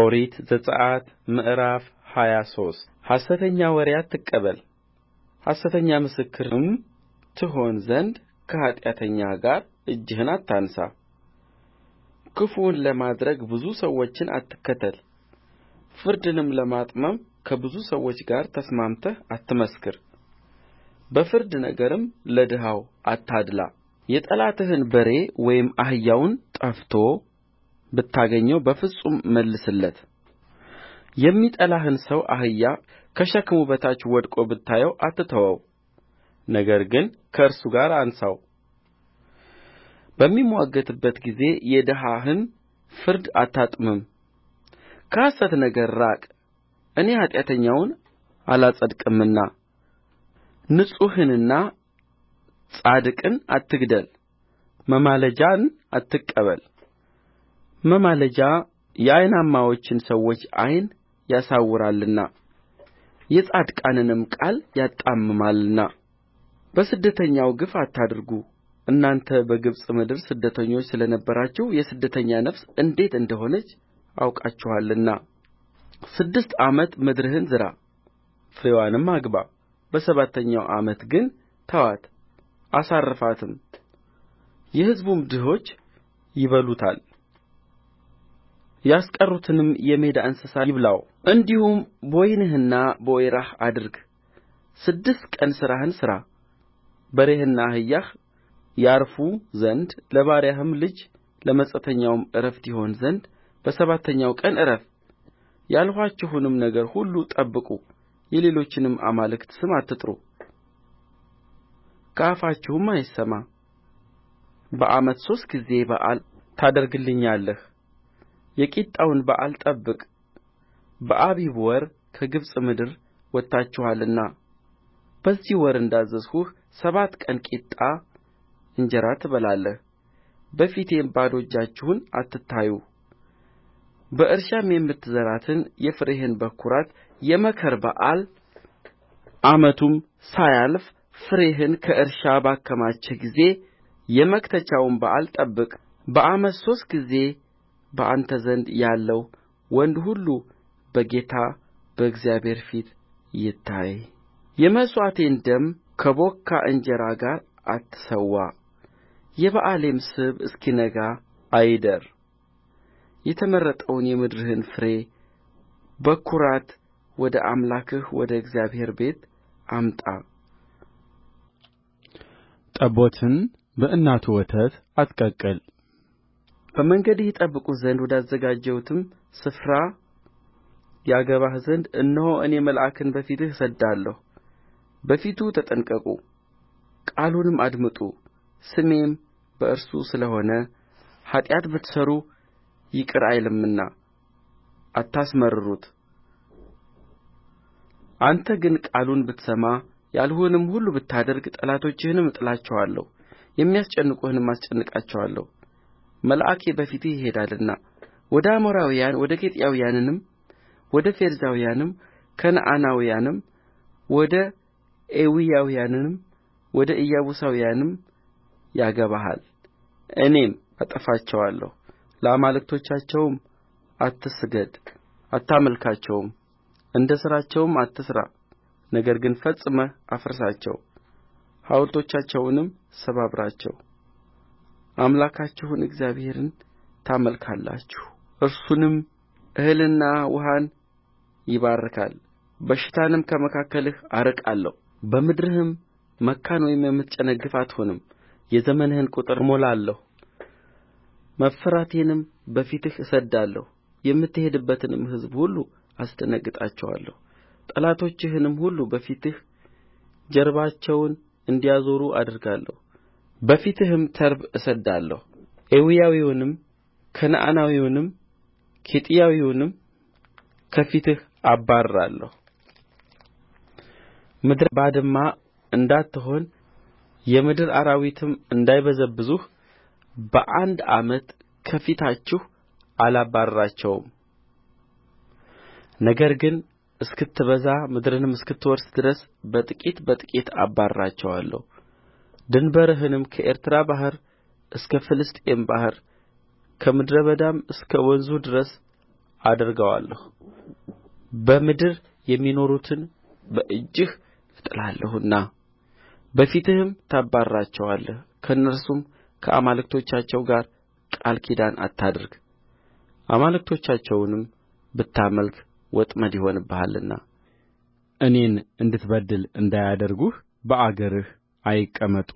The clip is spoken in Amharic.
ኦሪት ዘጽአት ምዕራፍ ሃያ ሶስት ሐሰተኛ ወሬ አትቀበል ሐሰተኛ ምስክርም ትሆን ዘንድ ከኃጢአተኛ ጋር እጅህን አታንሣ ክፉውን ለማድረግ ብዙ ሰዎችን አትከተል ፍርድንም ለማጥመም ከብዙ ሰዎች ጋር ተስማምተህ አትመስክር በፍርድ ነገርም ለድሀው አታድላ የጠላትህን በሬ ወይም አህያውን ጠፍቶ ብታገኘው በፍጹም መልስለት የሚጠላህን ሰው አህያ ከሸክሙ በታች ወድቆ ብታየው አትተወው ነገር ግን ከእርሱ ጋር አንሣው በሚምዋገትበት ጊዜ የድሀህን ፍርድ አታጥምም ከሐሰት ነገር ራቅ እኔ ኃጢአተኛውን አላጸድቅምና ንጹሕንና ጻድቅን አትግደል መማለጃን አትቀበል መማለጃ የዓይናማዎችን ሰዎች ዓይን ያሳውራልና የጻድቃንንም ቃል ያጣምማልና በስደተኛው ግፍ አታድርጉ እናንተ በግብፅ ምድር ስደተኞች ስለ ነበራችሁ የስደተኛ ነፍስ እንዴት እንደ ሆነች አውቃችኋልና ስድስት ዓመት ምድርህን ዝራ ፍሬዋንም አግባ በሰባተኛው ዓመት ግን ተዋት አሳርፋትም የሕዝቡም ድሆች ይበሉታል ያስቀሩትንም የሜዳ እንስሳ ይብላው እንዲሁም በወይንህና በወይራህ አድርግ ስድስት ቀን ሥራህን ሥራ በሬህና አህያህ ያርፉ ዘንድ ለባሪያህም ልጅ ለመጻተኛውም ዕረፍት ይሆን ዘንድ በሰባተኛው ቀን ዕረፍ ያልኋችሁንም ነገር ሁሉ ጠብቁ የሌሎችንም አማልክት ስም አትጥሩ ከአፋችሁም አይሰማ በዓመት ሦስት ጊዜ በዓል ታደርግልኛለህ የቂጣውን በዓል ጠብቅ በአቢብ ወር ከግብፅ ምድር ወጥታችኋልና በዚህ ወር እንዳዘዝሁህ ሰባት ቀን ቂጣ እንጀራ ትበላለህ በፊቴም ባዶ እጃችሁን አትታዩ በእርሻም የምትዘራትን የፍሬህን በኵራት የመከር በዓል ዓመቱም ሳያልፍ ፍሬህን ከእርሻ ባከማቸህ ጊዜ የመክተቻውን በዓል ጠብቅ በዓመት ሦስት ጊዜ በአንተ ዘንድ ያለው ወንድ ሁሉ በጌታ በእግዚአብሔር ፊት ይታይ የመሥዋዕቴን ደም ከቦካ እንጀራ ጋር አትሠዋ የበዓሌም ስብ እስኪነጋ አይደር የተመረጠውን የምድርህን ፍሬ በኵራት ወደ አምላክህ ወደ እግዚአብሔር ቤት አምጣ ጠቦትን በእናቱ ወተት አትቀቅል በመንገድህ ይጠብቁህ ዘንድ ወዳዘጋጀሁትም ስፍራ ያገባህ ዘንድ እነሆ እኔ መልአክን በፊትህ እሰድዳለሁ በፊቱ ተጠንቀቁ ቃሉንም አድምጡ ስሜም በእርሱ ስለ ሆነ ኃጢአት ብትሠሩ ይቅር አይልምና አታስመርሩት አንተ ግን ቃሉን ብትሰማ ያልሁህንም ሁሉ ብታደርግ ጠላቶችህንም እጥላቸዋለሁ የሚያስጨንቁህንም አስጨንቃቸዋለሁ መልአኬ በፊትህ ይሄዳልና ወደ አሞራውያን ወደ ኬጢያውያንም ወደ ፌርዛውያንም ከነዓናውያንም ወደ ኤዊያውያንም ወደ ኢያቡሳውያንም ያገባሃል እኔም አጠፋቸዋለሁ ለአማልክቶቻቸውም አትስገድ አታመልካቸውም እንደ ሥራቸውም አትሥራ ነገር ግን ፈጽመህ አፍርሳቸው ሐውልቶቻቸውንም ሰባብራቸው አምላካችሁን እግዚአብሔርን ታመልካላችሁ እርሱንም እህልና ውኃን ይባርካል በሽታንም ከመካከልህ አርቃለሁ በምድርህም መካን ወይም የምትጨነግፍ አትሆንም የዘመንህን ቍጥር እሞላለሁ መፈራቴንም በፊትህ እሰድዳለሁ የምትሄድበትንም ሕዝብ ሁሉ አስደነግጣቸዋለሁ ጠላቶችህንም ሁሉ በፊትህ ጀርባቸውን እንዲያዞሩ አደርጋለሁ በፊትህም ተርብ እሰድዳለሁ ኤዊያዊውንም ከነዓናዊውንም ኬጢያዊውንም ከፊትህ አባርራለሁ ምድር ባድማ እንዳትሆን የምድር አራዊትም እንዳይበዘብዙህ በአንድ ዓመት ከፊታችሁ አላባርራቸውም። ነገር ግን እስክትበዛ ምድርንም እስክትወርስ ድረስ በጥቂት በጥቂት አባርራቸዋለሁ ድንበርህንም ከኤርትራ ባሕር እስከ ፍልስጥኤም ባሕር ከምድረ በዳም እስከ ወንዙ ድረስ አደርገዋለሁ በምድር የሚኖሩትን በእጅህ እጥላለሁና በፊትህም ታባርራቸዋለህ ከእነርሱም ከአማልክቶቻቸው ጋር ቃል ኪዳን አታድርግ አማልክቶቻቸውንም ብታመልክ ወጥመድ ይሆንብሃልና እኔን እንድትበድል እንዳያደርጉህ በአገርህ አይቀመጡ